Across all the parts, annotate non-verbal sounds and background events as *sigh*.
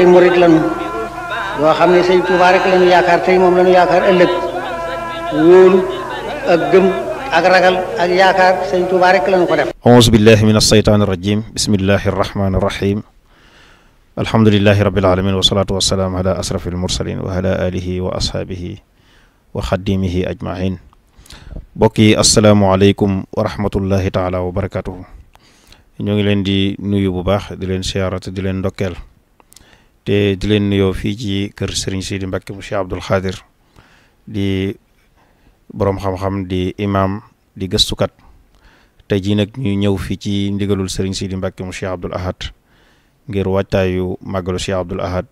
ay murit lañu yoo xam ne sëñ Tuubaa rek lañu yaakaar tey moom lañu yaakaar ëllëg wóolu ak gëm ak ragal ko def auzu billahi min alsheytaan irrajim bismillahi arrahmani irrahim alhamdulilahi rabbil alamin wasalatu yi asalaamualeykum leen di nuyu bu baax di leen siyaarate di leen ndokkeel te di leen nuyoo fii ci kër Serigne Sidi Mbacke mu Cheikh Abdoul Khadir di boroom xam-xam di imam di gëstukat tey jii nag ñu ñëw fii ci ndigalul Serigne Sidi Mbacke mu Cheikh Abdoul Ahad ngir waajtaayu màggalu Cheikh Abdoul Ahad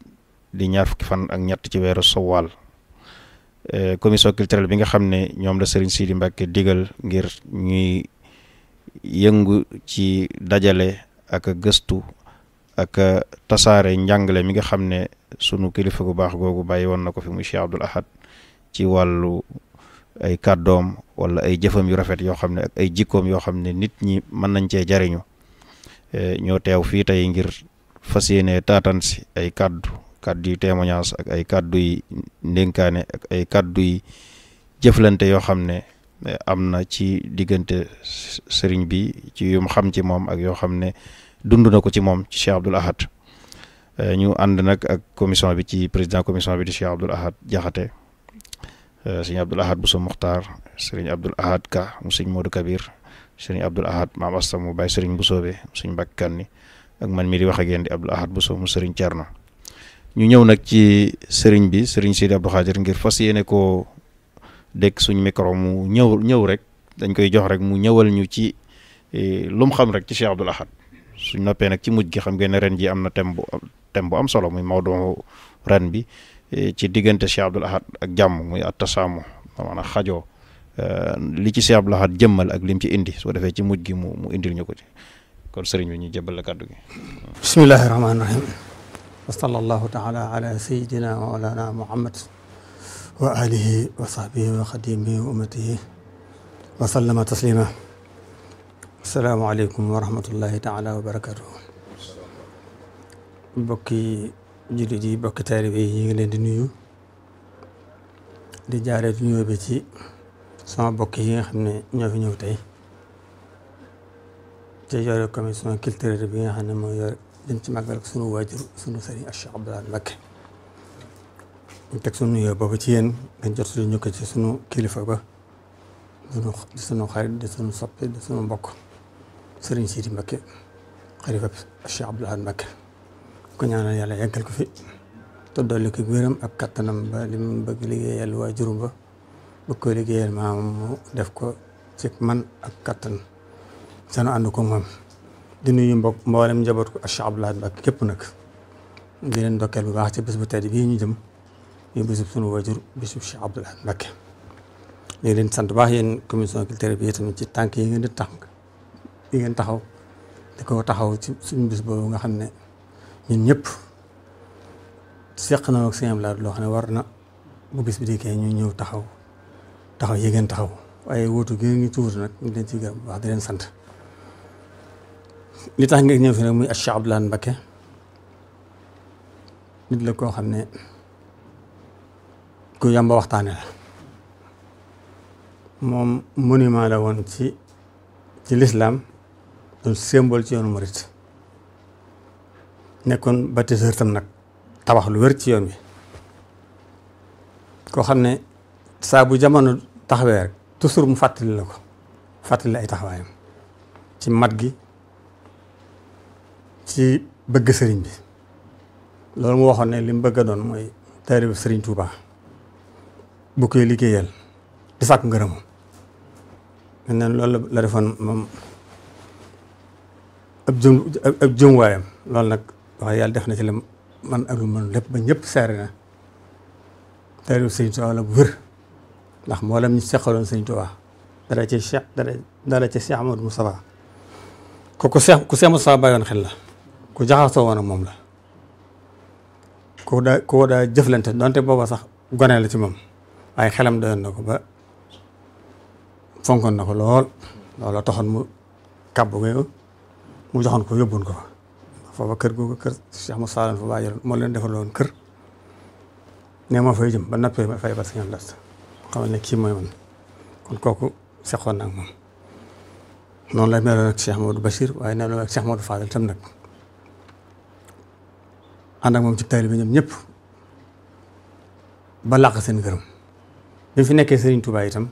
di ñaar fukki fan ak ñett ci weeru Sowal eh, commission culturelle bi nga xam ne ñoom la Serigne Sidi Mbacke digal ngir ñuy yëngu ci dajale ak gëstu. ak euh, tasaare njàngale mi nga xam ne sunu kilifa gu baax googu bàyyi woon na ko fi muy Cheikh Abdoul Ahad ci wàllu ay kàddoom wala ay jëfam yu rafet yoo xam ne ak ay jikkoom yoo xam ne nit ñi mën nañ cee jariñu e, ñoo teew fii tey ngir fas yéene taatan si ay kàddu kàddu yu témoignage ak ay kàddu yi ndénkaane ak ay kàddu yi jëflante yoo xam ne e, am na ci diggante sëriñ bi ci yum xam ci moom ak yoo xam ne dundu na ko ci moom ci Cheikh Abdoul Ahad euh, ñu ànd nag ak commission bi ci président commission bi di Cheikh Abdoul Ahad Jaxate euh, sëñ Abdoul Ahad Bousso Muxtaar sëriñ Abdoul Ahad Ka mu sëñ Modou Kabir sëriñ Abdoul Ahad maam Asta mu bàyyi sëriñ Bousso bi sëñ Mbàkke Kanni ak man mii di wax ak yéen di Abdoul Ahad Bousso mu sëriñ Thierno ñu ñëw nag ci sëriñ bi sëriñ Sidi Abdou Khadir ngir fas yéene ko dégg suñ micro mu ñëw ñëw rek dañ koy jox rek mu ñëwal ñu ci eh, lu mu xam rek ci Cheikh Abdoul Ahad suñ noppee nag ci mujj gi xam ngeen ren ji am na thème bu thème bu am solo muy Maodo ren eh, ci diggante Cheikh Abdoul Ahad ak jàmm muy attasaamo maanaam xajoo eh, li ci Cheikh Abdoul Ahad jëmmal ak lim ci indi soo defee ci mujj gi mu mu indil ñu ko ci kon sëriñ bi ñu jëbal la kàddu gi bismillahi rahmaani rahim wa sallallahu taala ala sayidina wa muhammad wa alihi wa sahbihi wa xadimihi wa ummatihi wa sallama taslima asalaamaaleykum wa rahmatullahi taala wa barakaatu. bokki jullit yi bokki taalibe yi ñu ngi leen di nuyu di jaaree nuyoo bi ci sama bokk yi nga xam ne ñoo fi ñëw tey te yore commission culturelle bi nga xam ne mooy yore jëm ci màggal sunu waajur sunu sëriñ Cheikh Abdoulaye Mbacké ñu teg sunu nuyoo boobu ci yéen nga jot suñu ñu ko ci sunu kilifa ba sunu sunu xarit di sunu soppi di sunu mbokk sëriñ Sidi Mbakke xalifa Cheikh Abdoul Ahad Mbakke ko ñaanal yàlla yàggal ko fi te dolli ko ak kattanam ba li mu bëgg liggéeyal waa juróom ba bëgg ko liggéeyal maam def ko man ak kattan sanu ànd ko moom di nuyu mbokk mboolem njaboot ko Cheikh Abdoul Ahad Mbakke képp nag di leen baax ci bés bu tedd bii ñu jëm ñu bésub sunu waajur bésub Cheikh Abdoul Ahad Mbakke ñu leen sant baax bi tamit ci tànk yi ngeen di tànk bi ngeen taxaw di ko taxaw ci suñu boobu nga xam ne ñun ñëpp seq na ak seen loo xam ne war na bu bis bi dikkee ñu ñëw taxaw taxaw yi ngeen taxaw waaye wóotu gi ngi tuur nag ñu leen ci gërëm wax di leen sant li tax nga ñëw fi nag muy Cheikh Abdoulaye Mbacké nit la koo xam ne ku yamba waxtaane la moom monument la woon ci ci lislaam nekkoon symbole ci yoonu murit nekkoon bâtisseur tam nag tabax lu wér ci yoon bi koo xam ne saabu bu jamono taxawee rek toujours mu fàttali la ko fàttali ay taxawaayam ci mat gi ci bëgg sëriñ bi loolu mu waxoon ne li mu bëgg doon mooy taalibu sëriñ Touba bu koy liggéeyal di sàkk ngërëmu. nee na loolu la defoon moom. ab jëm ab jëmuwaayam loolu nag wax yàlla def na ci la man ak lu mën lépp ba ñëpp seere na teeru sëñ Tuubaa la bu wër ndax mboolem ñi seqaloon sëñ Tuubaa dara ci Cheikh dara dara ci Cheikh Amadou Moustapha ko ku Cheikh ku Cheikh Moustapha bàyyoon xel la ku jaxasoo woon moom la ku daa ku daa jëflante donte booba sax gone la ci moom ay xelam doyoon na ko ba fonkoon na ko lool looloo taxoon mu kàbbu mu joxoon ko yóbbuwoon ko fa foofa kër googu kër Cheikh mu lañ fa waajaroon moom leen defaloon kër ne ma fay jëm ba nappee ma fay ba si ñoom las xamal ne kii kooku seqoon na moom. noonu la meloon ak Cheikh Modou Bachir waaye nee na ak Cheikh Modou nag ànd ak moom ci taalibe bi ñoom ñëpp ba làq seen gërëm bi fi nekkee Serigne Touba itam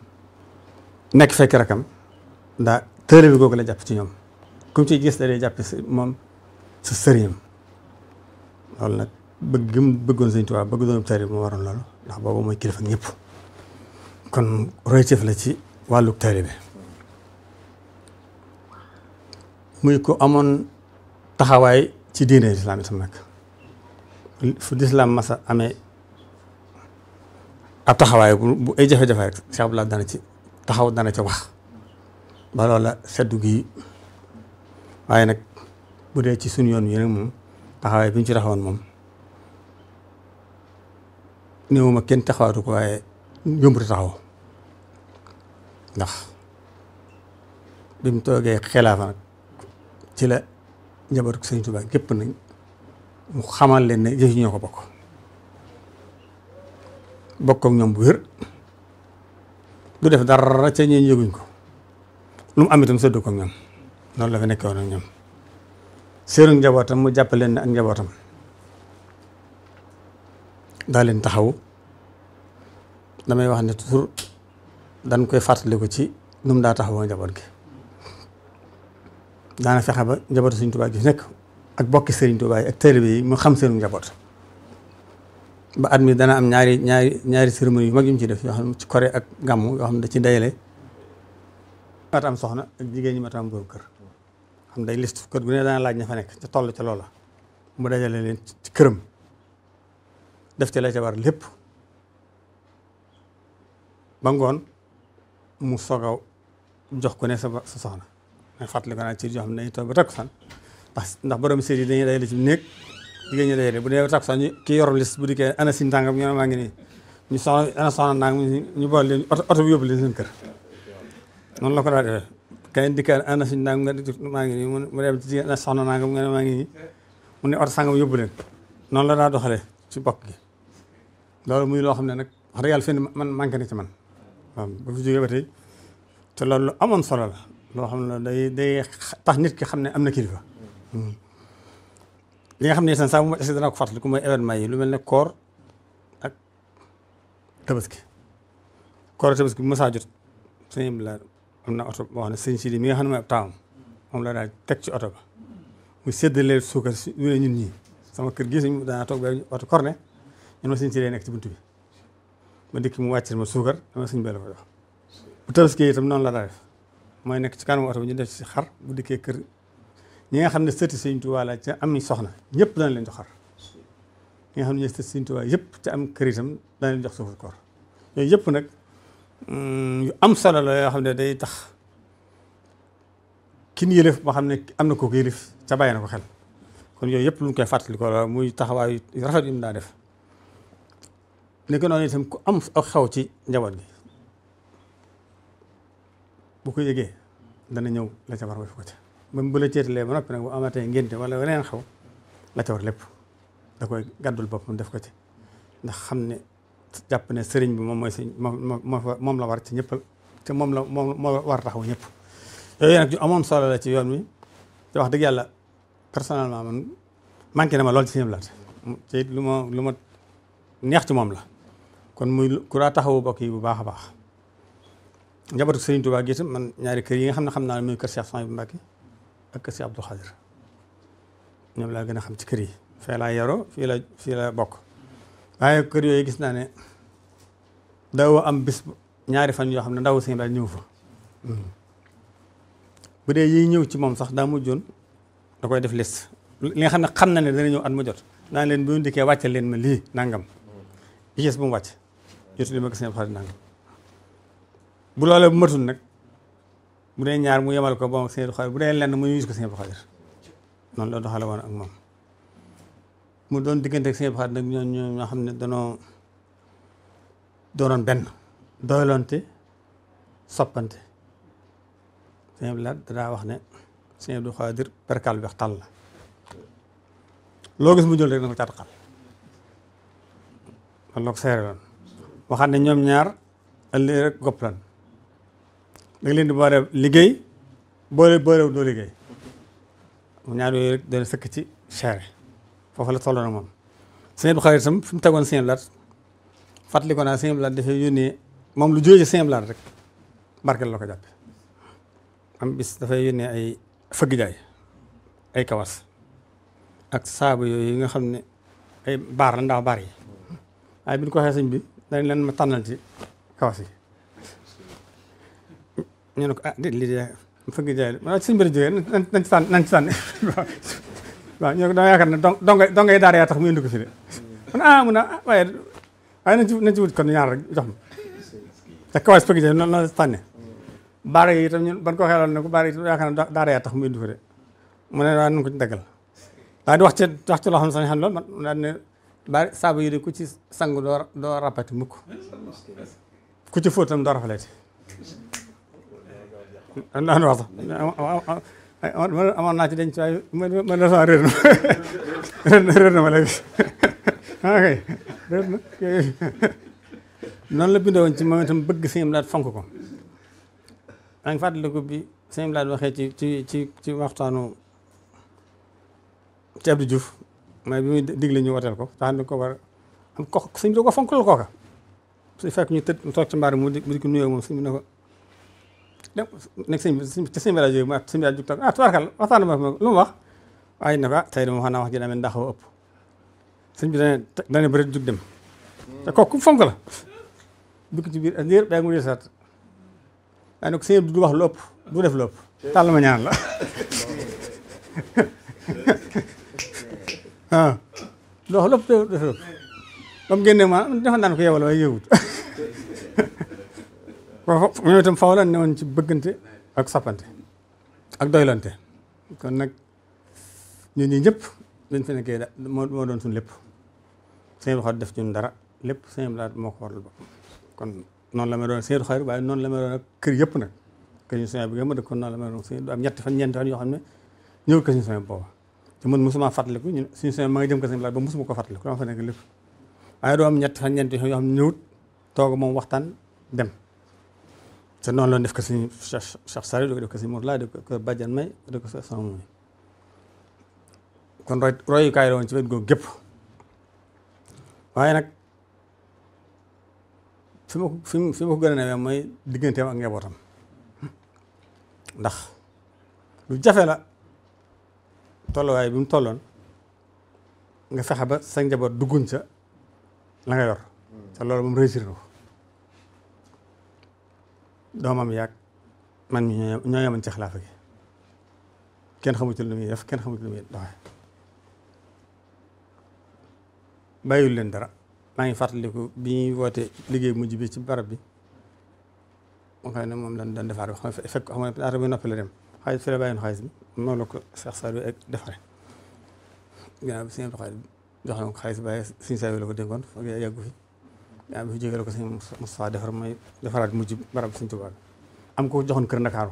nekk fekk rakam daa taalibe bi googu la jàpp ci ñoom. ku ci gis da dee jàppe moom sa sëriñam loolu nag bëgg bëggoon sëñ Tuubaa bëgg doon taalibe moo waroon loolu ndax boobu mooy kilifa ñëpp kon la ci wàllu taalibe muy ko amoon taxawaay ci diine lislaam itam nag fu lislaam masa amee ab taxawaay bu ay jafe-jafe rek dana ci taxaw dana ci wax ba loola seddu waaye nag bu dee ci suñu yoon wi nag moom taxawaay bi ñu ci taxawoon moom néewuma kenn taxawaatu ko waaye yombut taxaw ndax bi mu toogee xilaafa nag ci la njabootu Sëñ Tuubaa gépp nañ mu xamal leen ne jëf ko bokk bokk ak ñoom bu wér du def dara ca ñeen yëguñ ko lu mu am itam sëddoo ko ñoom noonu la fi nekkee woon ak ñoom seenu njabootam mu jàpp leen ne ak njabootam daa leen taxaw damay wax ne toujours dañ koy fàttaliku ci num mu daa taxawoo njaboot gi daana fexe ba njaboot Sëriñ gi nekk ak bokki Sëriñ Tuubaa yi yi mu xam seenu njaboot ba at mi dana am ñaari ñaari ñaari cérémonie yu mag yu mu ci def yoo xam ci koré ak gàmmu yoo xam ne da ci dayale matam soxna ak jigéen ñi matam boobu kër xam day liste kër gu ne dana laaj ña fa nekk te toll ca loola mu dajale leen ci këram def ci lay ca war lépp ba ngoon mu soog a jox ku ne sa sa soxna may fàttali ko naa ci yoo xam ne dañuy toog ba takkusaan ndax ndax borom sédd yi dañuy dajale ci néeg jigéen ñi dajale bu dee ba takkusaan ñu kii yor bu dikkee ana si ndàngam ñu ne maa ngi nii ñu soxla ana soxna ndàngam ñu bool leen oto oto bi yóbbu leen seen kër noonu la ko daa defee kaay dikkaat ana suñ naan nga maa ngi nii mu dem ci na soxna naa nga maa ngi nii mu ne oto sangam yóbbu leen noonu la daa doxalee ci bokk gi loolu muy loo xam ne nag wax dëgg yàlla fi man man waaw ba tey te loolu lu amoon solo la loo xam ne day day nit ki xam ne am na kilifa. Hmm. li nga xam ne sax bu ma essayé dana ko fàttaliku mooy événement yi lu mel ne koor ak tabaski koor ak tabaski bu ma saa jot sëñ am na oto boo xam ne sëñ Sidi mi nga xam ne mooy ab moom la daal teg ci oto ba mu séddale suukar si ñu ne ñun ñi sama kër gii suñu daanaa toog ba oto corne ñun ma sëñ Sidi nekk ci buntu bi mu wàccil ma suukar dama sëñ Bello ko jox bu tabaskee itam noonu la daa def mooy nekk ci kanamu oto bi ñu def ci xar bu dikkee kër ñi nga xam ne sëti sëñ Tuubaa la ca am soxna ñëpp dana leen jox xar ñi nga xam ne ñooy sëti sëñ Tuubaa yëpp ca am kër itam dana leen jox suufu koor yooyu yëpp nag yu am solo la yoo xam ne day tax kin yëlëf boo xam ne am na ko yëlëf ca bàyyi na ko xel kon yooyu yëpp lu ñu koy fàttali ko muy taxawaay rafet yu mu daa def nekk noonu itam ku am ak xew ci njaboot gi bu ko yëgee dana ñëw la ca war a ko ba noppi nag bu amatee wala weneen xew la ca lépp da koy gàddul boppam def ko ci ndax xam ne jàpp ne sëriñ bi moom mooy si moom moom la war ci ñëpp te moom la moom moo war taxaw ñëpp yooyu amoon solo la ci yoon mi te wax dëgg yàlla personnellement man manqué na ma lool ci Sëriñ Abdou te lu ma lu ma neex ci moom la kon muy ku daa taxawu bokk yi bu baax a baax njabootu Sëriñ Tuubaa gi itam man ñaari kër yi nga xam ne xam naa muy kër Cheikh Souhaïbou Mbacké ak kër Cheikh Abdou Khadre ñoom laa gën a xam ci kër yi fee laa fii la fii la bokk waaye kër yooyu gis naa ne daaw am bis ñaari fan yoo xam ne ndaw seen daal ñëw fa bu dee yiy ñëw ci moom sax daa mujjoon da koy def liste li nga xam ne xam na ne dana ñëw at mu jot naa leen bu ñu dikkee wàccal leen ma lii nangam gis bu mu wàcc jotu li ma matul nag bu dee ñaar mu yemal ko ba mu seen xarit bu dee lenn mu ñu gis ko seen xarit noonu la doxale woon ak moom mu doon diggante ak seen xaat nag ñoo xam ne danoo doonoon benn soppante danaa wax ne sëñ Abdou Xaadir tal la loo mu jël rek na ko ñoom ñaar ëllëg rek gopplan da nga leen di boole liggéey boo boolewu doo liggéey mu ñaar yooyu rek doon sëkk ci seere foofu la tolloon moom sëñ bu xarit itam fi mu tegoon sëñ Blaat fàttali ko naa sëñ Blaat dafay yónnee moom lu jógee sëñ Blaat rek barkeel la ko jàpp am bis dafay yónnee ay fëgg jaay ay kawas ak saabu yooyu yi nga xam ne ay baar la ndax baar yi bi ñu ko waxee sëñ bi dañ leen ma tànnal ci kawas yi ñu ne ko ah déet lii de fëgg jaay ma sëñ bi la jógee nañ ci tànn nañ ci tànn *laughs* waaw ñoo dama yaakaar ne donc donc dongay daara yaa tax mu indi ko fi de mun ah mun a ah, waaye waaye nañ ci nañ ci wut kon ñaar rek jox ma te kawas pëgg jë noonu la tànne baara ko xeloon ne ko baara yi itam yaakaar daara tax mu indi de mu ne waaye nañ ko ci daggal daal di wax ci wax ci loo xam ne sañ xam loolu man daal yi de ku ci sangu doo doo rapati mukk ku ci fóotam doo rafalete man amoon naa ci denc waaye man dafa réer na ma *laughs* léegi *laughs* ok la bindoo woon ci moom itam bëgg sëñ Abdou Lahad fonk ko maa ngi fàttaliku bi sëñ Abdou Lahad waxee ci ci ci ci waxtaanu ci Abdou Diouf may bi muy digle ñu wateel ko tax ni ko war am ko sëñ bi da ko fonk la ko nuyoo sëñ bi ne ko lépp nag sëñ ci sëñ rajo mu sëñ rajo a ah tubaarkal waxtaan ma lu mu wax waaye ne ko ah tey de moom xam naa wax ji daa mel ëpp sëñ bi dane dane jug dem te kooku fonk la dugg ci biir wax lu ëpp du def lu ëpp tàll ma ñaan la *laughs* ah loo lu ëpp ba mu génne ma dafa naan ko yeewal waaye yeewut *laughs* ñoom tam faaw lan ne woon ci bëggante ak soppante ak doylante kon nag ñun ñi ñëpp dañ fi nekkee da moo moo doon suñu lépp seen xol def ñun dara lépp seen laat moo ko waral bopp kon doon seen xol waaye noonu la kër yëpp nag kër ñu bi nga ma dëkkoon noonu la may doon seen du am yoo xam ne ñëw kër ñu seen booba ñun suñu seen ma nga jëm kër seen laat ba mosuma ko fàttaliku dama fa nekk lépp waaye doo am ñetti fan ñeent yoo xam ne ñëwut toog moom waxtaan dem te noonu loon def ko suñu Cheikh Saliou def ko suñu Mourala def ko Badiane May def ko sama moom kon roy royukaay la woon ci wet googu gépp waaye nag fi ma ko fi mu ko gën a newee mooy digganteem ak njabootam ndax lu jafe la tolluwaay bi mu tolloon nga fexe ba sa njaboot dugguñ sa la nga yor te loolu mu réussir na ko doomam yàgg man mi ñoo yemoon ci xilaafa gi kenn xamut lu muy def kenn xamut lu muy doxee bàyyul leen dara maa ngi fàttaliku bi ñuy woote liggéey mujj bi ci barab bi moo xam ne moom lañ doon defar xam xam nga daara bi noppi la dem xaalis fi la bàyyoon xaalis bi noonu la ko Seex Saaliw ak defaree ginnaaw bi seen xaalis jox na ko xaalis bàyyi suñu saa yi la ko dénkoon fi yaa ko sëñ Moustapha defar may defaraat mujj barab am ko joxoon kër Ndakaaru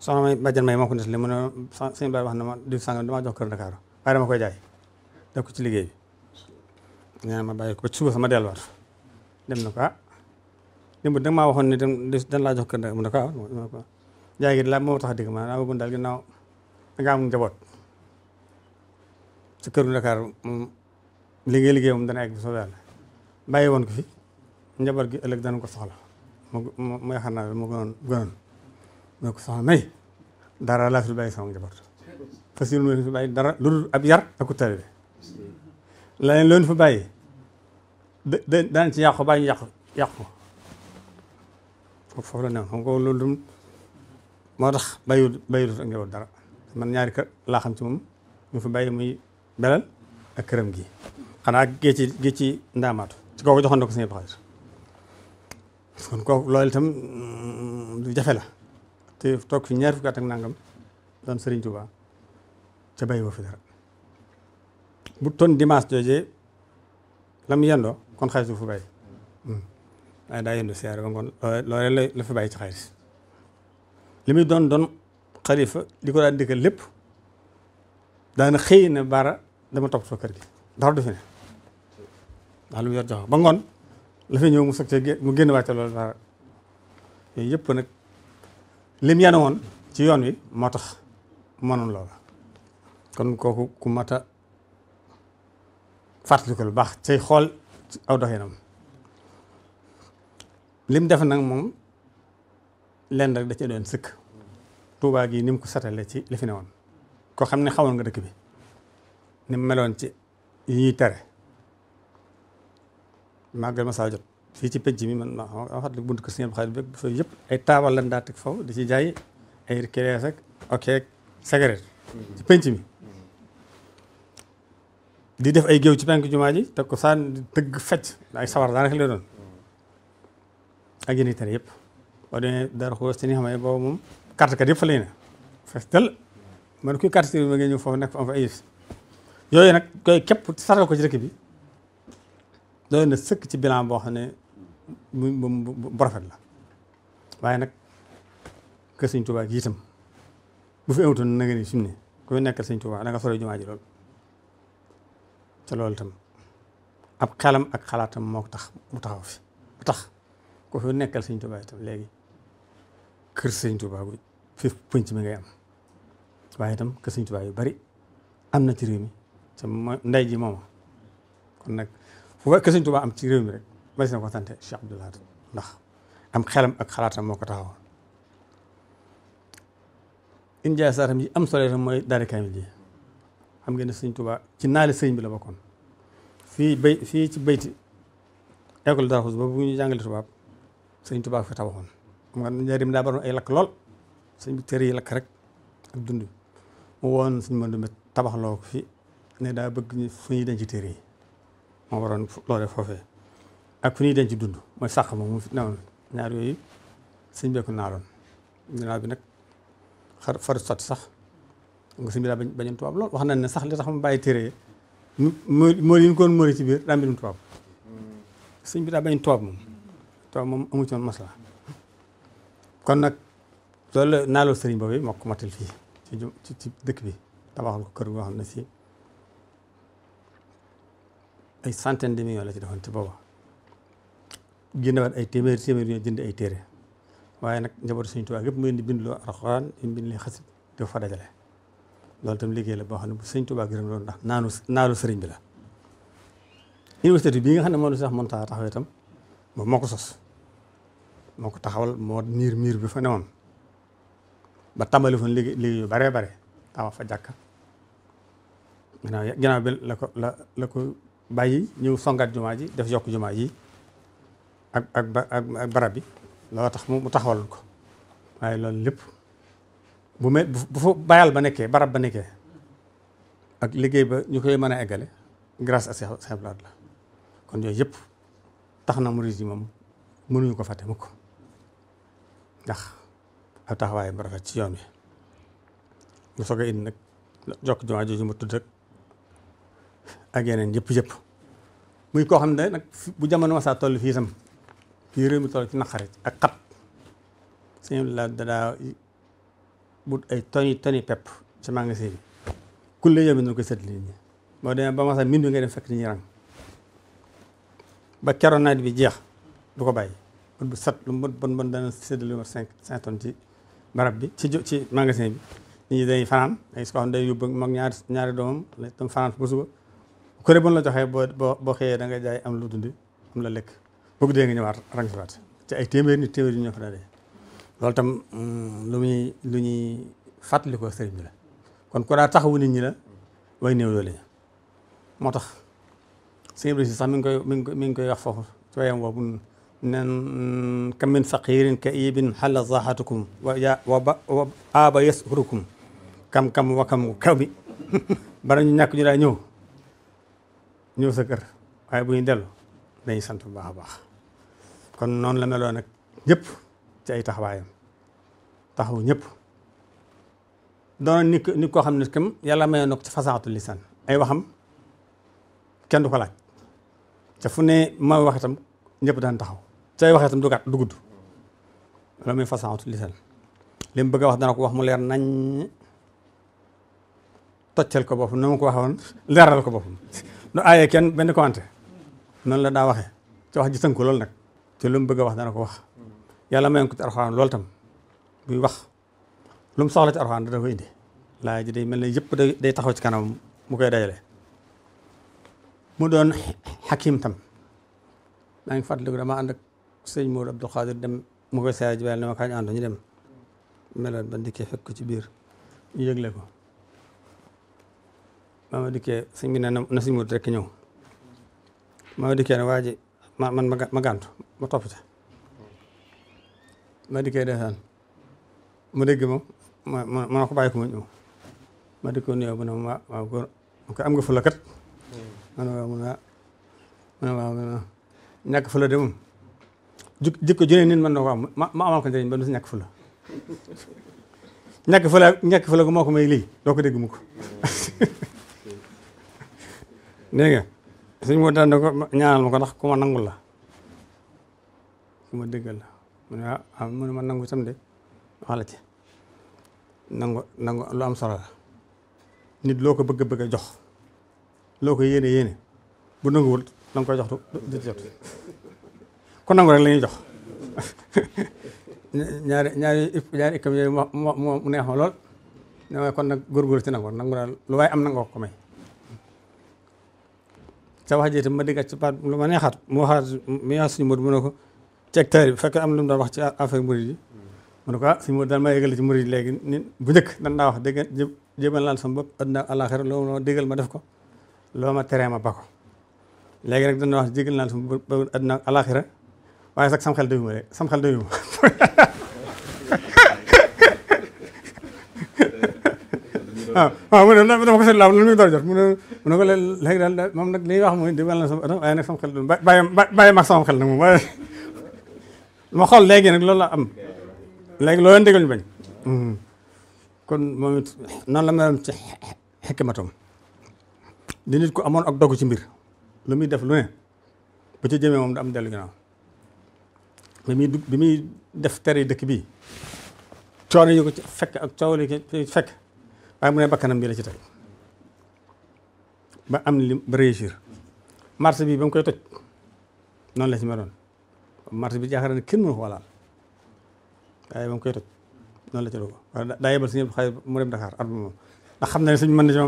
soxna may bàjjan may moo Baay wax na ma diw sàngam damaa jox kër Ndakaaru koy jaay def ko ci liggéey bi ma bàyyi ko ci suba sama delluwaat dem na ko ah démb danga maa waxoon ne dan laa jox kër Ndakaaru mu ne ah, jaay gi laa moo tax dëgg ma daa ah, bëggoon daal ginnaaw danga am njaboot ci këru ndakaar moom liggéey liggéey moom dana egg bi soobee yàlla bàyyi woon ko fi njaboot gi ëllëg dana ko soxla mu mu yaakaar naa ne mu gënoon mu ko soxla nay dara laa fi bàyyi sama njaboot fas yéene fi bàyyi dara lu dul ab yar ak ku tali bi leneen loolu fa bàyyi da da daan ci yàqu bàyyi ñu yàqu yàqu foofu la newoon xam nga tax bàyyiwut bàyyiwut ak njaboot dara man ñaari kër laa xam ci moom ñu fi bàyyi muy belal ak këram gi xanaa géej géej ci ndaamaatu kooku joxoon na ko Sëñ Abdou Khadre kon kooku loolu itam mm, jafe la te toog fi ñaar fukki at ak nangam doon Sëriñ Tuubaa ca bàyyi woo fi dara bu ton dimanche joojee la yendoo kon xaalis du fi bàyyi mm. waaye muy doon doon xalifa li ko daan dikkal lépp daana xëy na dama topp soo kër gi dara du fi ne ndax lu mu yor jox ba ngoon la fa ñëw mu sog cee mu génn wàcce loolu dara yooyu yëpp nag lim yanu woon ci yoon wi moo tax mënoon loola kon kooku ku mat a ko lu baax cay xool aw li mu def nag moom lenn rek da cee doon sëkk tuubaa gi ni mu ko satale ci li ne woon koo xam ne xawoon nga dëkk bi ni mu meloon ci yi tere màggal masaa jot fii ci penc mi man ma xam buntu kër Sëñ Abdou Khadre bépp foofu yëpp ay taabal lan daa teg foofu di ci jaay ay kirees ak ok ak cigarette ci penc mi di def ay géew ci penk jumaa ji teg ko saan tëgg fecc ay sawar daanaka lay doon ak yéen itam yëpp boo demee dara xoos ci ni xam ne boobu moom carte kat yëpp fa lay ne fees dal man kuy carte ma nga ñëw foofu nekk fa am fa ay yooyu nag koy képp sargal ko ci dëkk bi doy na sëkk ci bilan boo xam ne bu rafet la waaye nag kër sëñ Tuubaa gi bu fi amatoon na nga ni suñu ne ku fi nekkal sëñ Tuubaa da nga sore jumaa ji loolu itam ab xelam ak xalaatam moo tax bu taxaw fi mu tax ku fi nekkal sëñ Tuubaa itam léegi kër sëñ Tuubaa bi fi pënc mi ngay am waaye itam kër sëñ Tuubaa yu bari am na ci réew mi ji mooma kon nag fu fekk sëñ Tuubaa am ci réew mi rek ma na ko sante Cheikh Abdou Lahad ndax am xelam ak xalaatam moo ko taxawoon india yi am solo itam mooy daari kaamil xam ngeen ne sëñ ci naali sëñ bi la bokkoon fii fii ci bayti école d'arxus ba bu ñu jàngale tubaab sëñ Tuubaa fi tabaxoon daa baroon ay lakk lool sëñ bi tër yi lakk rek ak dund mu woon suñ mën du tabax loo fi ne daa bëgg ñu fu ñuy téere yi moo waroon loolee foofee ak fu ñuy denc dund mooy sàq ma mu newoon ñaar yooyu sëñ beeku naaloon ginnaaw bi nag xar sax nga sëñ bi daa bañoon tubaab lool wax nañ ne sax li tax mu bàyyi téere moo yi ñu koon mori ci biir daa mbirum tubaab sëñ bi daa bañ tubaab moom tubaab moom amu ci woon kon nag loolu naaloo sëriñ boobu moo ko matal fii ci dëkk bi tabaxal ko kër goo xam ne si ay centaine de millions la ci defoon ci booba génnewaat ay téeméer téeméer ñoo jënd ay téere waaye nag njabootu Sëriñ Tuubaa yëpp mu leen di bindloo alxuraan di bind leen xasit di fa dajale loolu tam liggéey la boo xam ne bu Sëriñ Tuubaa gërëm loolu ndax naanu naalu sëriñ bi la université bii nga xam ne moo sax taa taxawee tam moom moo ko sos moo ko taxawal moo miir miir bi fa newoon ba tàmbali fa liggéey liggéey yu baree bare taxaw fa jàkka ginnaaw bi la ko la la ko bàyyi ñëw songaat jumaa ji def yokk jumaa yi ak ak ak barab bi loolu tax mu taxawal ko waaye loolu lépp bu mel bu fa bayal ba nekkee barab ba nekkee ak liggéey ba ñu koy mën a eggale grâce à Cheikh Abdoul la kon yooyu yëpp tax na murid yi moom mënuñu ko fàtte mukk ndax ab taxawaay bu rafet ci yoon wi nga soo a indi nag jokk jumaa jooju ma tudd rek ak yeneen yëpp yëpp muy koo xam ne nag bu jamono masaa toll fii itam fii réew mu toll ci naqare ak xat sëñ la danaa but ay toni toni pepp ci magasin bi kulle yow mi na koy seetlu nit ñi boo keroon nawet bi jeex du ko bàyyi bu sat lu mu bon bon dana séddale lu ma cinq cinq ci barab bi ci ci magasin bi nit ñi day fanaan ay su ko xam ne day yóbbu ñaari ñaari doomam lay tam ba suba kuré bu la joxee boo boo xëyee da nga jaay am lu dundi am la lekk bëgg dee nga ñëwaat rang si waat ci ay téeméer nit téeméer ñu ñoo fa loolu tam mm, lu ñuy lu ñuy fàttali ko sëriñ la kon ku daa taxawu nit ñi la way néew doole moo tax sëñ Ibrahima sax mi ngi koy mi ngi koy mi koy wax foofu ci wayam boobu nen kam min faqirin ka ibin xalla zahatukum wa ya wa ba wa aaba yasurukum kam kam wa kami bara ñu ñàkk ñu daa ñëw ñëw sa kër waaye bu ñu dellu dañuy sant bu baax a baax kon noonu la meloon nag ñëpp ci ay taxawaayam taxaw ñëpp doonoon nit nit koo xam ne kam yàlla mayoon na ko ci fasaatu lisan ay waxam kenn du ko laaj te fu ne ma wax itam ñëpp daan taxaw te ay wax itam du gàtt du gudd loolu muy fasaatu lisan li mu bëgg a wax dana ko wax mu leer nañ toccal ko boppam na ma ko waxoon leeral ko boppam nu aayee kenn benn ko ante noonu la daa waxee ci wax ji tënku lool nag te lu mu bëgg a wax dana ko wax yàlla mayoon ko ci arxaan loolu tam buy wax lu mu soxla ci arxaan dana ko indi laa ji day mel na yëpp day day taxaw ci kanam mu koy dajale mu doon xakim tam maa ngi fàttaliku dama ànd ak sëñ Maodo Abdou Khadir dem mu koy saara ji bàyyi na ma kañ ànd ñu dem meloon ba ndikkee fekk ko ci biir ñu yëgle ko ma dikkee sëñ bi ne na sëñ Moodu rek ñëw ma dikkee ne waa ji ma man ma gàntu ma toppite ma dikkee desaan ma ma ma ma ko bàyyi ko ma ñëw ma di nuyoo mu ne ma waaw góor ko am nga fula kat ma ne jikko junee nit mën na am ma ma amal ko njëriñ ba du si ñàkk fula *laughs* ñàkk fula ñàkk ko moo ko may lii *laughs* dégg nga sëñ moo daan ne ko ñaanal ma ko nax ku ma nangul la ku ma dëggal la ah, mu ne ma nangu sam ci nangu nangu lu am solo la nit loo ko bëgg a bëgg a jox loo ko yéene yéene bu nanguwul da nga koy jox du jot ku nangu rek la jox *laughs* ñaari ñaari ñaari ikam yooyu moo moo neex ma lool ne kon nag góor góorgóor ci nangu nangu daal lu waaye am nangoo ko may ca wax jiitam ma a ci baat lu ma neexaat mu waxaat mi wax suñu mur mu ne ko ci hectare fekkee am lu mu doon wax ci affaire murid yi mu ne ko ah suñu mur daan ma yëgal ci murid yi léegi ni bu njëkk dan daa wax dégg jéemal laan sama bopp addina àlaxira loo ma déggal ma def ko loo ma teree ma ba ko léegi nag dana wax jégal naa sama bopp adduna àlaxira waaye sax sam xel doyuma rek sam xel doyuma *laughs* waaw waaw mu ne dama ko seet laaw loolu mi ngi door a jot mu ne mu ne ko léegi daal moom nag li ñuy wax mooy dimbal na sama waaye *laughs* ma xool léegi nag loolu la am léegi loo leen déggal ñu bañ hmm. kon moom it noonu la ma ci xekkimatam di nit ku amoon ak dogu ci mbir lu muy def lu ne bu ci jëmee moom da am dellu ginnaaw bi muy bi muy def tere dëkk bii coono yi ko ci fekk ak coow li fekk waaye mu ne bakkanam bi la ci teg ba am li ba réussir marché bi ba mu koy toj noonu la ci meloon marché bi jaaxal na kenn ko walaal waaye ba mu koy toj noonu la ci doon na ne mën na ci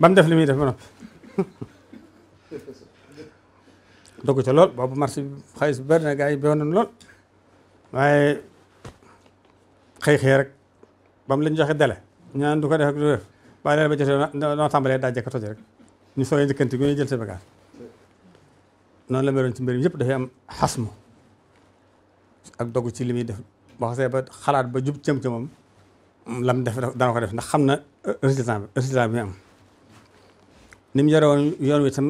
moom *laughs* def li muy def ba noppi *laughs* ca lool boobu marché bi xaalis bi yi bewoon lool waaye xëy xëy rek ba mu leen joxe dele ñaan du ko def ak def waaye dele ba jotee noo tàmbalee daa jekk rek ñu soogee njëkkanti gu ñu jël sa noonu la meroon ci mbir mi yëpp dafay am xasmu ak dogu ci li muy def boo xasee ba xalaat ba jub cëm cëmam lam def dana def ndax xam na euh, résultat bi résultat bi mu am ni mu yore woon yoon wi tam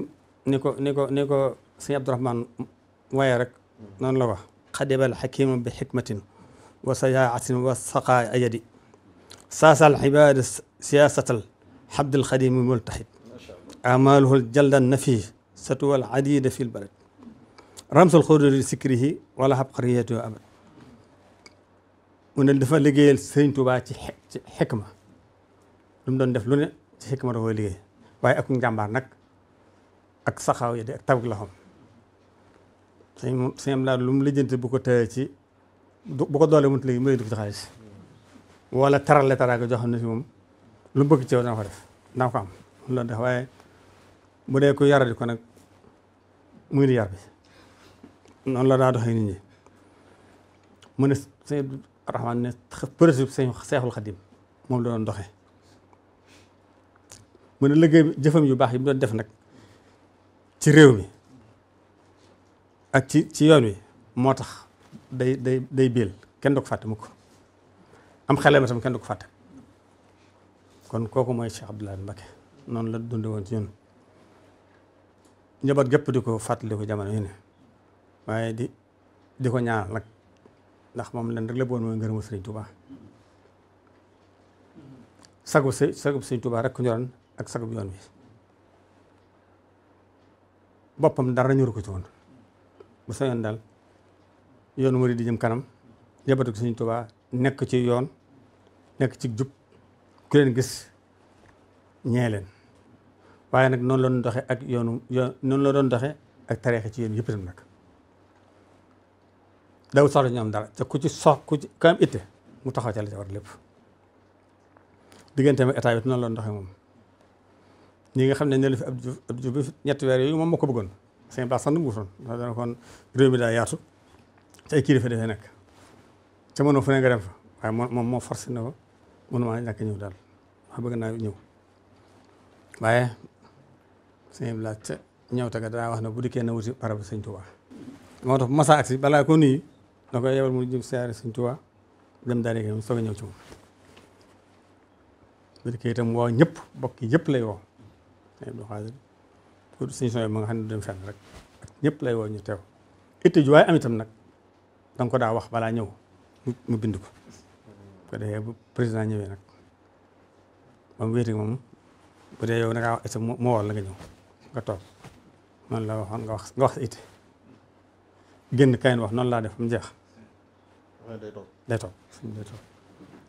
ni ko ni ko ni ko sëñ Abdourahmane waaye rek noonu la wax xadibal xakima bi xikmatin وسياعة وسقاء أيدي ساس العباد سياسة الحبد الخديم الملتحد أعماله الجلد النفي ستوى العديد في البلد رمز الخضر لسكره ولا عبقريته أبدا mu ne dafa liggéeyal sëriñ Tuubaa ci ci xikma lu mu doon def lu ne ci xikma da koy waaye ak njàmbaar nag ak saxaaw yi de ak tawag loxoom sëñ sëñ am laa lu mu lijjanti bu bu ko doolee mënut léegi mu du ko ci xaalis wala taral la taraanga joo xam ne si moom lu mu bëgg ci dana ko def dana ko am loolu def waaye bu dee ku yaradi ko nag muy yar bi noonu la daa doxee nit ñi mu ne sëñ Rahmaan ne principe sëñ Seexul Xadim moom la doon doxee mu ne liggéey jëfam yu baax yi mu doon def nag ci réew mi ak ci ci yoon wi moo tax day day day biil kenn du ko fàtte mukk am xale ma tam kenn du ko fàtte kon kooku mooy Cheikh Abdoul Ahad Mbacké noonu la dundee woon ci ñun njaboot gépp di ko fàttali ko jamono yi ne waaye di di ko ñaanal nag ndax moom leen rek la boon mooy ngërëmu Sëriñ Tuubaa sagub si sagub Sëriñ Tuubaa rek ku ak sagub yoon wi boppam dara ñuru ko ci woon bu sañoon daal yoonu murid di jëm kanam yebatu ko Sëriñ Tuubaa nekk ci yoon nekk ci jub ku leen gis ñee leen waaye nag noonu la doon doxee ak yoonu yoon noonu la doon doxee ak tariixa ci yëpp itam nag daw soxla ñu am dara te ku ci sox ci ka mu taxaw ca la ca war lépp digganteem ak noonu la doon doxee moom ñi nga xam ne ne la fi Abdou Diouf Abdou Diouf ñetti weer yooyu moom moo ko bëggoon seen baax sax nu mu wutoon dana kon réew mi daa yaatu ci ay kilifa dafay nekk ca mënoo fu ne nga dem fa waaye moom moo forcé na ko mënuma ñàkk ñëw daal wax bëgg naa wax ne bu dikkee na wuti barab sëñ Tuubaa moo tax masaa masa agsi balaa ko nuyu da koy yebal mu jëm siyaare sëñ Tuubaa dem daal di soog a ñëw ci moom bu dikkee itam woo ñëpp bokk yëpp lay woo sëñ Abdou Xaadir nga xam ne dem fenn rek ak ñëpp lay woo ñu teew itte ju waaye am nag danga ko daa wax balaa ñëw mu bind ko bu ko président ñëwee nag ba mu wéeti moom bu dee yow da ngaa wax it mu wol la nga ñëw nga toog noonu la waxoon nga wax nga wax génn kayin wax noonu laa def mu jeex. day toog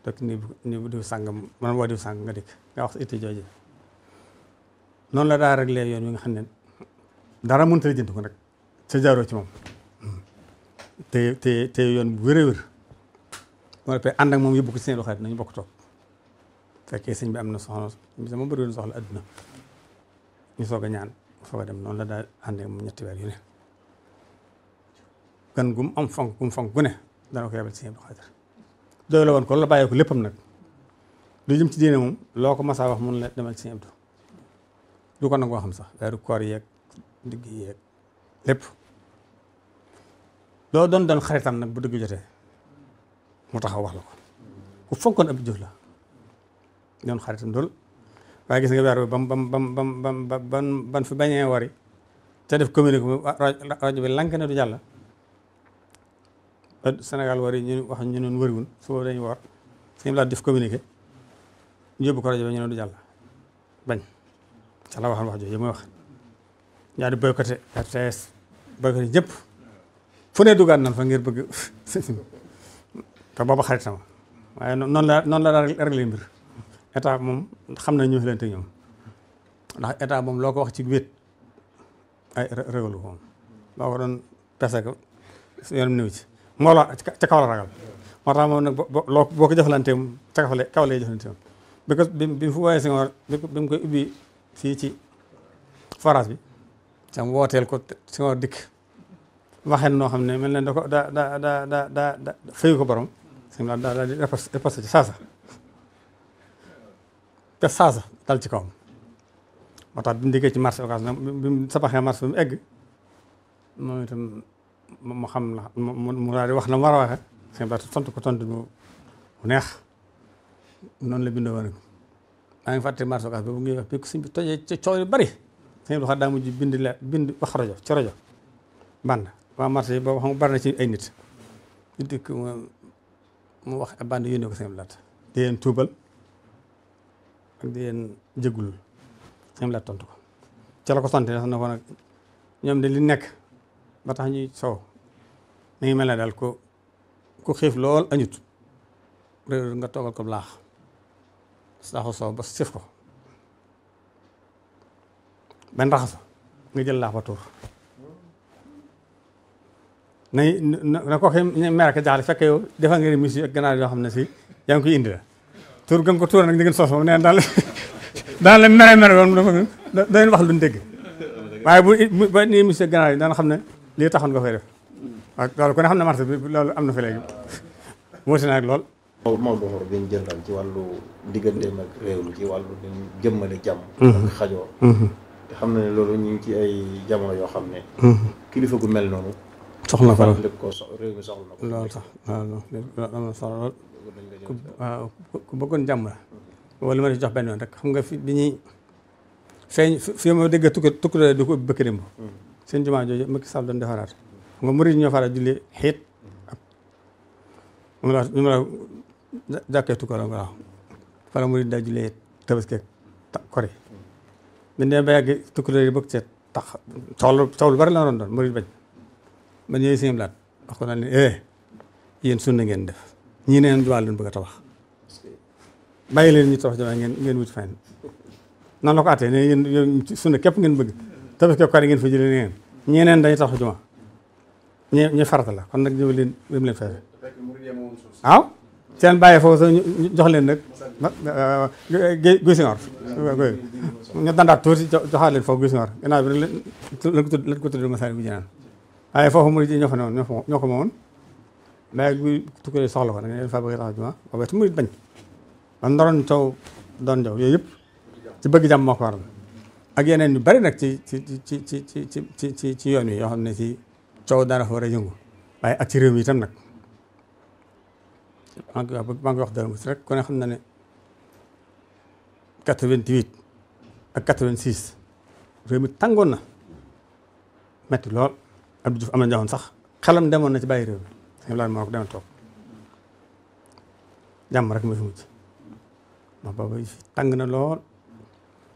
day nii bu diw sàngam man woo diw sàng nga dikk nga wax it jooju noonu la daa réglé yoon wi nga xam ne dara mënut a jënd ko nag sa jaaroo ci moom. te te te yoon bu wér a wér ànd ak moom yóbbu ko ci seen loxo nañu bokk toog fekkee sëñ bi am na soxla bi sama bëri soxla adduna ñu soog a ñaan soog a dem noonu la daal ànd ak moom ñetti weer yu ne gan gu am fonk gu mu fonk gu ne dana ko yebal ci sëñ Abdou Khadre doy la woon ko la bàyyee ko léppam nag lu jëm ci diine moom loo ko masaa wax mun la demal ci sëñ Abdou du ko nangoo xam sax weeru koor yeeg digg yeeg lépp loo doon doon xaritam nag bu dëgg jotee mu taxaw wax la ko ku fonkoon Abdou Diouf la doon xaritam lool waaye gis nga weer bi bam bam bam bam bam ban fi bañee wari te def communiqué rajo bi lank ne du jàll Sénégal wari ñu wax ñu noon wariwun suba dañu war suñu laa def communiqué ñu yóbbu ko rajo bi ñu ne du jàll bañ ca la waxoon wax jooju mooy wax ñaari boycotté RTS boycotté ñëpp fu ne nan fa ngir bëgg *laughs* te booba xarit sama waaye noonu la noon la daal réglé mbir état moom xam na ñu xelante ñoom ndax état moom loo ko wax ci wét ay régalu ko moom loo ko doon pese ko yoonam ci moo la ca kaw la ragal moo tax moom nag boo ko jëflantee moom ca kaw la kaw lay jëflante moom bi ko bi bi mu fu waaye Senghor bi mu koy ubbi fii ci forage bi sam wooteel ko Senghor dikk waxeen noo xam ne mel na da ko da da da da da da fayu ko borom sëñ bi daal di riposte ci saasa te saasa dal ci kawam moo tax bi mu diggee ci marché occasion bi mu sabaxee marché bi mu egg moom itam mu xam la mu daal di wax la mu war a waxee sëñ bi daal tontu ko tontu bu neex noonu la bindoo woon maa ngi fàtte marché occasion boobu ngay wax bi sëñ bi tojee ci coow yu bari sëñ bi daa mujj bind la bind wax rajo ci rajo bànn waa marché yi boobu xam nga bari ci ay nit ñu dikk mu wax ab bande yónnee ko seen laat di leen tuubal ak di leen jégul seen laat tontu ko ca ko sant sax na ko nag ñoom de li nekk ba tax ñuy soow mi ngi mel na daal ko ku xiif lool añut réer nga toogal ko laax saaxu soow ba sif ko benn raxas nga jël laax ba tuur nañ na ko koy mer ak jaaxle fekk yow defal nga musique ak ganaar yoo xam ne si yaa ngi koy indi la tur gën ko tuur nag di ngeen sos moom neen daal *laughs* daal la mere mere yoon dafa wax luñ dégg waaye bu ba ni musique yi daan xam ne lii taxoon nga koy def waaw loolu kon xam ne marché bi loolu am na fi léegi wóote lool Maodo Mor bi ñu jëndal ci wàllu digganteem ak ci wàllu jëmmale jàmm mm-hmm. ak mm-hmm. xam na ne loolu ñu ngi ci ay jamono yoo xam ne mm-hmm. kilifa gu mel noonu soxla ko loolu sax waaw am na solo lool waaw ku bëggoon jàmm la wala li ma di jox benn yoon xam nga fi bi ñuy feeñ fi ma dégg tukki tukki di ko bëkk démb seen jumaa jooju Macky Sall doon defaraat nga ñoo faral julli xiit ak ñu la ñu la jàkkee tukki la jullee tabaski ak kori mm-hmm. bi ba yàgg tukki yi bëgg seet tax coow lu lu bari la doon doon murid bañ ba ñëwee seen laat wax ko daal ne eh yéen sunna ngeen def ñii neen jumaa lañ bëgg a tabax bàyyi leen ñu tabax jumaa ngeen ngeen wuti fenn nan la ko àttee ne yéen sunna képp ngeen bëgg tabax képp kaar ngeen fa jëlee neen ñeneen dañuy tabax jumaa ñe ñe farata la kon nag ñëw leen dem leen fay waaw seen bàyyi foofu sax jox leen nag guy si ngor ñu dandaat tuuti joxaat leen foofu guy si ngor a bi rek lañ ko tudd lañ ko masaari bu jinaan waaye ah, foofu murid yi ñoo fa newoon ñoo ko ñoo ko moomoon waaye bu tukkee soxla ko da ngeen faa bëgg a taxaw jumaa bañ man ndoroon taw doon jaw yooyu yëpp ci bëgg jàmm moo waral ak yeneen yu bari nag ci ci ci ci ci ci ci ci yoon wi yoo xam ne ci coow dara fa waaye ak ci réew mi itam nag maa ngi wax maa ngi rek ku ne xam na ne 88 ak 86 réew mi tàngoon na metti lool. Abdou Diouf am na ñoo sax xelam demoon na ci bàyyi réew mi sëñ Ablaye moo ko demee toog jàmm rek ma fi mujj ndax booba tàng na lool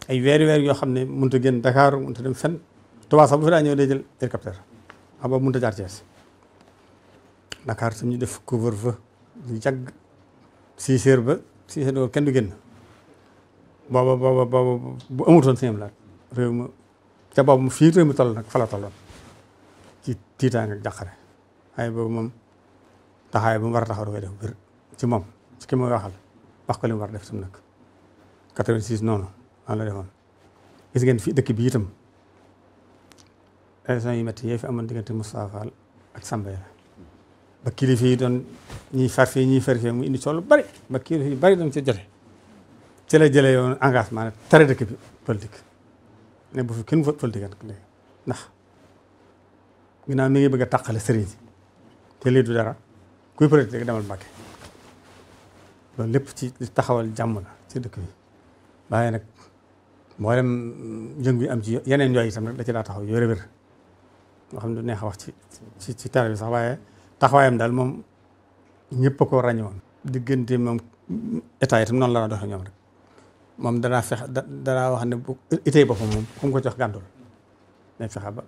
ay weeri weer yoo xam ne mënut a génn Dakar mun a dem fenn Tuubaa sax bu fi daa ñëw day jël hélicoptère waaw boobu mënut a jaar Thiès Dakar ñu def couvre-feu ñu jagg six heures ba six heures kenn du génn booba booba booba bu amutoon sëñ Ablaye réew ma ca boobu fii réew mi toll nag fa la tolloon ci tiitaange ak jàqare ay boobu moom taxaay bu mu war a taxaw koy def biir ci moom ci ki muy waxal wax ko li war a def tam nag 86 noonu noonu la defoon gis ngeen fii dëkk bi itam élection yu métti yee fi amoon diggante Moustapha Fall ak Samba Yara ba kilifa yi doon ñiy far fii ñiy far fii mu indi coow lu bari ba kilifa yi bari doon ci jote ci la jëlee yoon engagement ne tere dëkk bi politique ne bu fi kenn vote politique léegi ñu naan mi ngi bëgg a tàqale sëriñ si te lii du dara kuy politique rek demal Mbàkke loolu lépp ci taxawal jàmm la ci dëkk bi waaye nag mboolem yëngu yi am ci yeneen yooyu itam rek da ci laa taxaw yore wér nga xam ne du neex a wax ci ci ci tara bi sax waaye taxawaayam daal moom ñëpp a ko ràññewoon. diggante moom état itam noonu la la doxee ñoom rek moom danaa fex danaa wax ne bu itee boppam moom ku mu ko jox gàddul nañ fexe ba.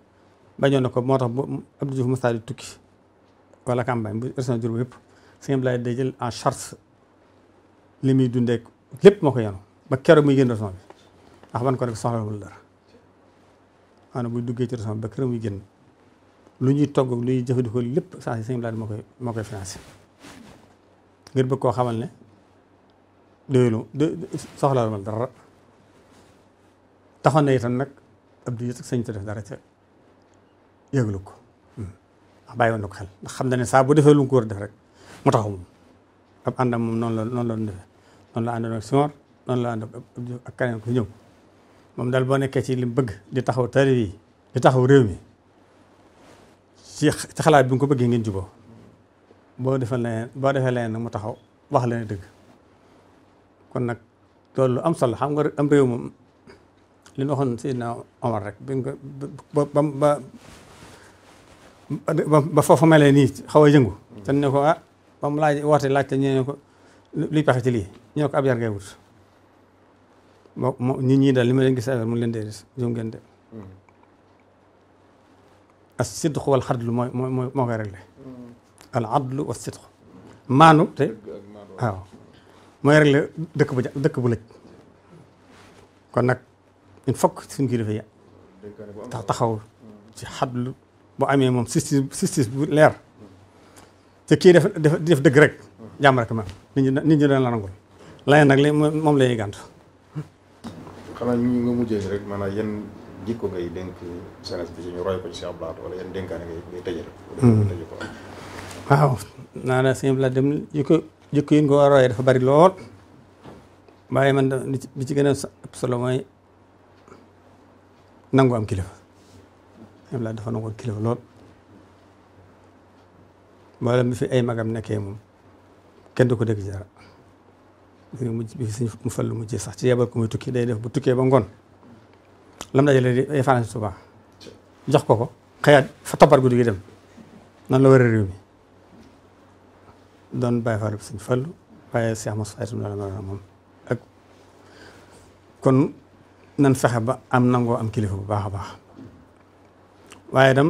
bañoon na ko moo tax bu Abdou Diouf Moussa di tukki wala campagne bu région Diourbel yëpp sëñ Abdoulaye day jël en charge li muy dundee lépp moo ko yenu ba keroog muy génn région bi ndax ban ko nekk soxlawul dara maanaam buy duggee ci région ba keroog muy génn lu ñuy togg lu jëfandikoo lépp saa si sëñ Abdoulaye moo koy moo koy financé ngir bëgg koo xamal ne doylu soxlawul dara taxoon na itam nag Abdou Diouf sax def dara ca. yëglu ko ndax hmm. ah, bàyyi woon ko xel ndax xam na ne saa bu defee lu mu ko war a def rek mu taxaw moom ab la noonu la doon defee noonu la àndoon la ànd ak keneen ku ñëw moom daal boo nekkee ci li mu bëgg di taxaw taalib yi di taxaw réew mi ci ci xalaat bi nga ko bëggee ngeen juboo boo defee leneen boo defee leneen nag mu taxaw wax leen dëgg kon nag loolu lu am solo xam nga am réew moom li ñu waxoon Seydina Omar rek ba foofa melee nii xaw a yëngu te ne ko ah ba mu laaj woote laaj te ñu ne ko luy pexe ci lii ñu ne ko ab yar ngay wut moo nit ñi daal li ma leen gis affaire mu leen de as sidqu al adlu wa sidqu maanu te waaw mooy réglé dëkk bu dëkk bu lëj kon nag il faut que suñu kilifa yi taxaw ci xadlu boo amee moom justice sistis bu leer te kii def def dëgg rek jàmm rek ma nit ñi nit ñi la nangul leneen nag li moom lay ñuy gàntu. xanaa ñu nga mujjee rek maanaam yan jikko ngay dénk sénégalais bi ñu roy hmm. naa la sëñ la dem jikko jikko yi nga ko war a dafa bari lool waaye man da li ci gën a solo mooy nangu am kilifa. Abdoulaye dafa nangoon kilifa lool mboolem bi fi ay magam nekkee moom kenn du ko dégg dara mu mujj bi suñ mu fal lu mujjee sax ci yebal ko muy tukki day def bu tukkee ba ngoon lam dajale di ay fanaan suba jox ko ko xëyaat fa toppat guddi gi dem nan la war a réew mi doon bàyyi fa suñ fal waaye Cheikh Moussa itam la ma moom ak kon nan fexe ba am nangoo am kilifa bu baax a baax waaye itam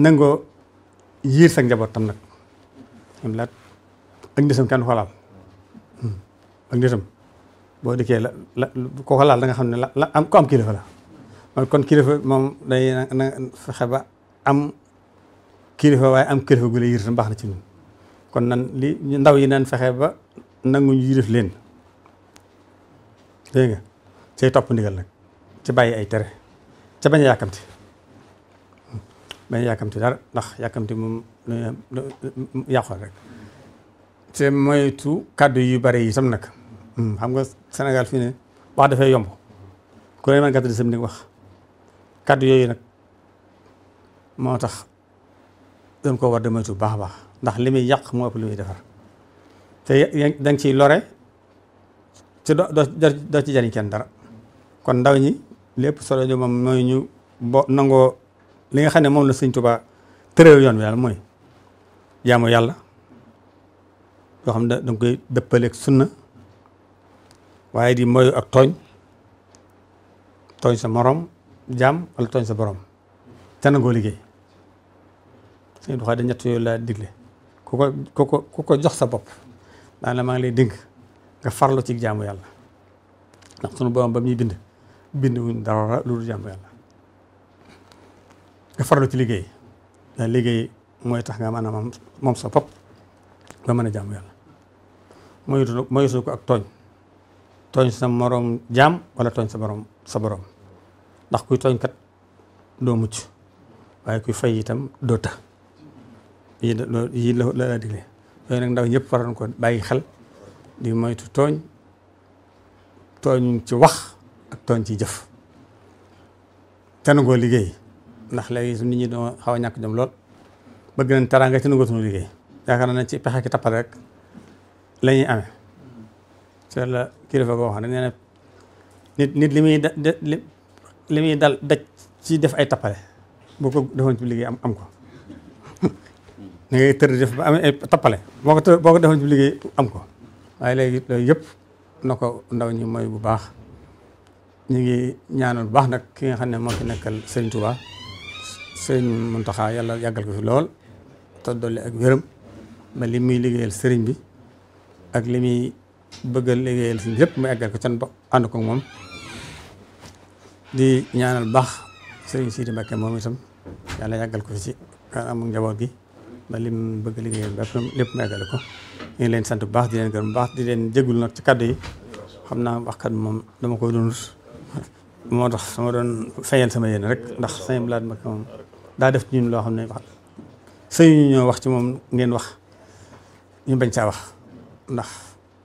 nangoo yiir sa njaboot tam nag am laat ak ndisam kenn xoolaal hmm. ak ndisam boo dikkee la la ko xoolaal da nga xam ne la am ko am kilifa la kon kilifa moom day fexe ba am kilifa waaye am kilifa gu la yiir tam baax na ci ñun kon nan li ndaw yi naan fexe ba nangu ñu yilif leen dégg nga cay topp ndigal nag ci bàyyi ay tere ca bañ a yàkkamti bañ yàkkamti dara ndax yàkkamti moom yàqul rek te moytu kàddu yu bari yi sam nag hmm, xam nga senegal fii ne wax dafay yomb ku ne man gàtt di sam ni wax kàddu yooyu nag moo tax dañ ko war di moytu baax baax ndax li muy yàq moo ëpp muy defar te da nga ciy lore te doo doo ci jariñ kenn dara kon ndaw ñi lépp solo ñu moom mooy ñu bo nangoo li nga xam ne moom la sëñ Tuubaa tëréew yoon bi daal mooy jaamu yàlla yoo xam ne da nga koy dëppaleeg sunna waaye di moyu ak tooñ tooñ sa moroom jaam wala tooñ sa boroom te nangoo liggéey sëñ Abdou Khadre ñett yooyu laa digle ku ko ku ko ko jox sa bopp daan la maa ngi lay dénk nga farlu ci jaamu yàlla ndax sunu borom ba ñuy bind bind wuñ dara lu dul jaamu yàlla nga farlu ci liggéey liggéey mooy tax nga man a moom sa bopp nga mën a jaamu yàlla moytu ko ak tooñ tooñ sa moroom jaam wala tooñ sa moroom sa borom ndax kuy tooñ kat doo mucc waaye kuy fay itam doo ta yi yii la la la digle yooyu nag ndaw ñëpp waroon ko bàyyi xel di moytu tooñ tooñ ci wax ak tooñ ci jëf te nangoo liggéey ndax léegi su nit ñi doo xaw a ñàkk jom lool bëgg nañ teraanga te nangootuñu liggéey yaakaar nañ ci pexe ki tappal rek la ñuy amee la kilifa goo xam ne nee na nit nit li muy li muy dal daj def ay tappale boo ko defoon ci liggéey am am ko *laughs* da ngay def ba amee ay tappale boo ko boo ko defoon ci liggéey am ko waaye léegi loolu yëpp na ko ndaw ñi mooy bu baax ñu ngi ñaanal bu baax nag ki nga xam ne moo fi nekkal Serigne tubaa sëriñ Muntaxa yàlla yàggal ko fi lool te dolli ak wéram ma li muy liggéeyal sëriñ bi ak li muy bëgg a liggéeyal sëriñ yëpp mu yàggal ko can ba ànd ko moom di ñaanal baax sëriñ Sidi Mbacke moom itam yàlla yàggal ko fi ci kanamu njaboot gi ba li mu bëgg a liggéeyal ba lépp mu yàggale ko ñu leen sant bu baax di leen gërëm bu baax di leen jégalu nag ci kàddu yi xam naa waxkat bi moom dama ko doon moo tax sama doon fayal sama yéen rek ndax sëñ Blad Mbacke daa def ci ñun loo xam ne wax sëñ ñu ñoo wax ci moom ngeen wax ñu bañ caa wax ndax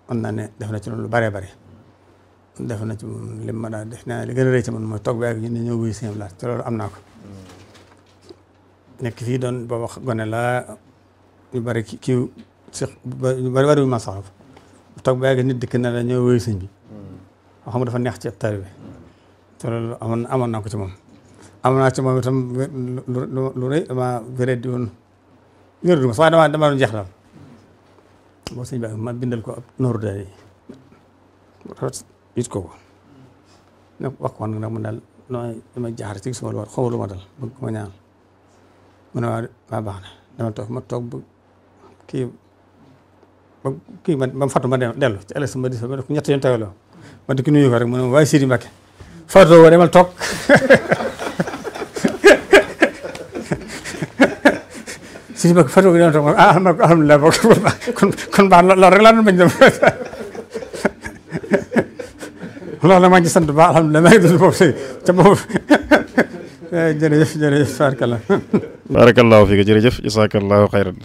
mën naa ne def na ci loolu lu bare bare def na ci moom lim ma daa def naa li gën a rëy ci man mooy toog ba ak ñu ne ñoo wuyu sëñ laat te am naa fii doon ba wax gone laa ñu bari ki kiw si ñu bari bari bu ma soxla toog nit dikk na la ñoo wuyu sëñ bi mm. xam nga dafa neex ci ab taalibe te amoon amoon naa ko ci moom am naa ci moom itam lu lu lu rëy dama wéradi woon wéradi ma sax dama dama doon jeexal boo sëñ bi ma bindal ko ab nooru daal yi it ko ko ne wax ko nag mu daal nooy dama jaaxal ci sama lool xaw ma dal bëgg ko ma ñaan mu ne waa baax na dama toog ma toog ba kii ba kii ma ma fàttu ma dellu ci ëllëg sama dis ma ne ko ñett yoon tawaloo ma di ko nuyu ko rek mu ne waaye Sidi Mbacke fàttoo woo demal toog *laughs* si si ma fa toog doon toog ah alhamdulilah bokk kon kon baax loolu rek laa ngi sant ba alhamdulilah maa ngi dund boobu tey te boobu jërëjëf jërëjëf barakallah barakallahu fiik jërëjëf jasakallahu xayran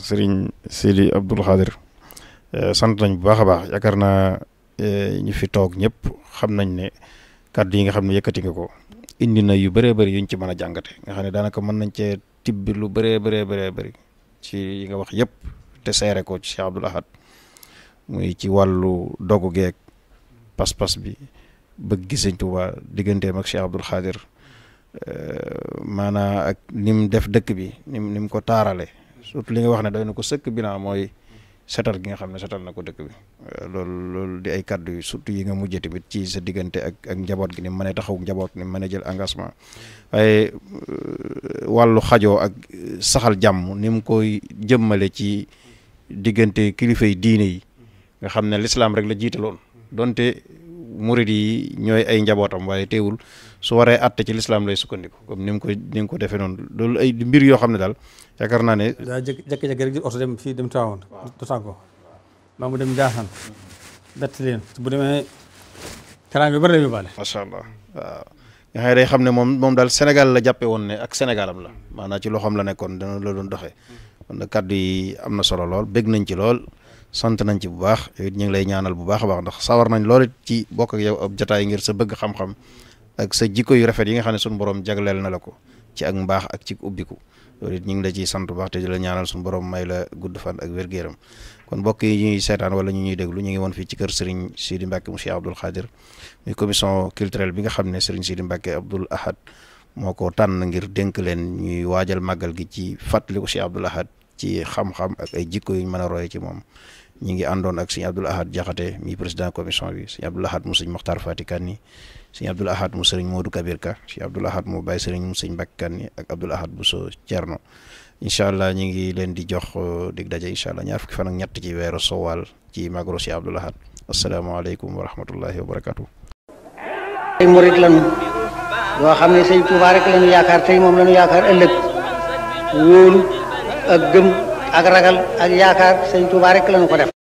eh, sant nañ bu baax a baax yaakaar naa eh, ñu fi toog ñëpp xam nañ ne kàddu yi nga xam ne yëkkati nga ko indi na yu bëree bari yuñ ci mën a jàngate nga xam ne daanaka mën nañ cee tibb lu bëree bare bëree bëri ci yi nga wax yëpp te seere ko ci Cheikh Abdoul Ahad muy ci wàllu dogu geeg pas-pas bi bëgg gi Sëñ Tuubaa digganteem ak Cheikh Abdoul Xaadir euh, maanaa ak ni mu def dëkk bi ni mu ni mu ko taarale surtout li nga wax ne doy na ko sëkk bi naa mooy setal gi nga xam ne setal na ko dëkk bi euh, loolu loolu di ay kàddu yi surtout yi nga mujjee tamit ci sa diggante ak ak njaboot gi ni mën a taxaw njaboot ni mën a jël engagement waaye euh, wàllu xajo ak saxal jàmm ni koy jëmmale ci diggante kilifa yi diine yi nga xam ne lislaam rek la jiitaloon donte murid yi ñooy ay njabootam waaye teewul su waree atte ci lislaam lay sukkandiku comme ni mu ko ni mu ko defee noonu loolu ay mbir yoo xam ne daal yaakaar naa ne daa jékki-jékki rek di oto dem fii dem taawoon du tàggoo maa dem jaaxan bett leen bu demee karaan bi bari la yóbbaale macha allah waaw nga xam ne moom moom daal Sénégal la jàppe woon ne ak Sénégalam la maanaam ci loxoom la nekkoon dana loolu doon doxee kon nag kàddu yi am na solo lool bég nañ ci lool sant nañ ci bu baax it ñu ngi lay ñaanal bu a baax ndax sawar nañ lool ci bokk yow ab jotaay ngir sa bëgg xam ak sa jikko yu rafet yi nga xam ne suñu borom jagleel na la ko ci ak mbaax ak ci ubbiku loolu ñu ngi la ciy sant bu baax te di la ñaanal suñu borom may la gudd fan ak wér-gu-yaram kon mbokk yi ñuy seetaan wala ñu ñuy déglu ñu ngi woon fii ci kër Serigne Sidi Mbacke mu Cheikh Abdoul Khadir muy commission culturelle nga xam ne Serigne Sidi Mbacke Abdoul Ahad moo ko tànn ngir dénk leen ñuy waajal màggal gi ci fàttaliku Cheikh Abdoul Ahad ci xam-xam ay jikko yu ñu mën a roy ci moom ñi ngi àndoon ak sëñ Abdoul Ahad Jaxate mi président commission bi sëñ Abdoul Ahad mu sëñ Moxtaar Fati Kanni sëñ Abdoul Ahad mu sëriñ Modou Kabir Ka sëñ Abdoul Ahad mu Baye sëriñ mu sëñ Mbàkke ak Abdoul Ahad bu so Cerno incha allah ñi ngi leen di jox uh, dig daje incha allah ñaar fukki fan ak ñett ci weeru Sowal ci magro sëñ Abdoul Ahad asalaamaaleykum wa rahmatullahi wa barakaatu. ay ak gëm. ak ragal ak yaakaar sëñ Tuubaa rek la ñu ko def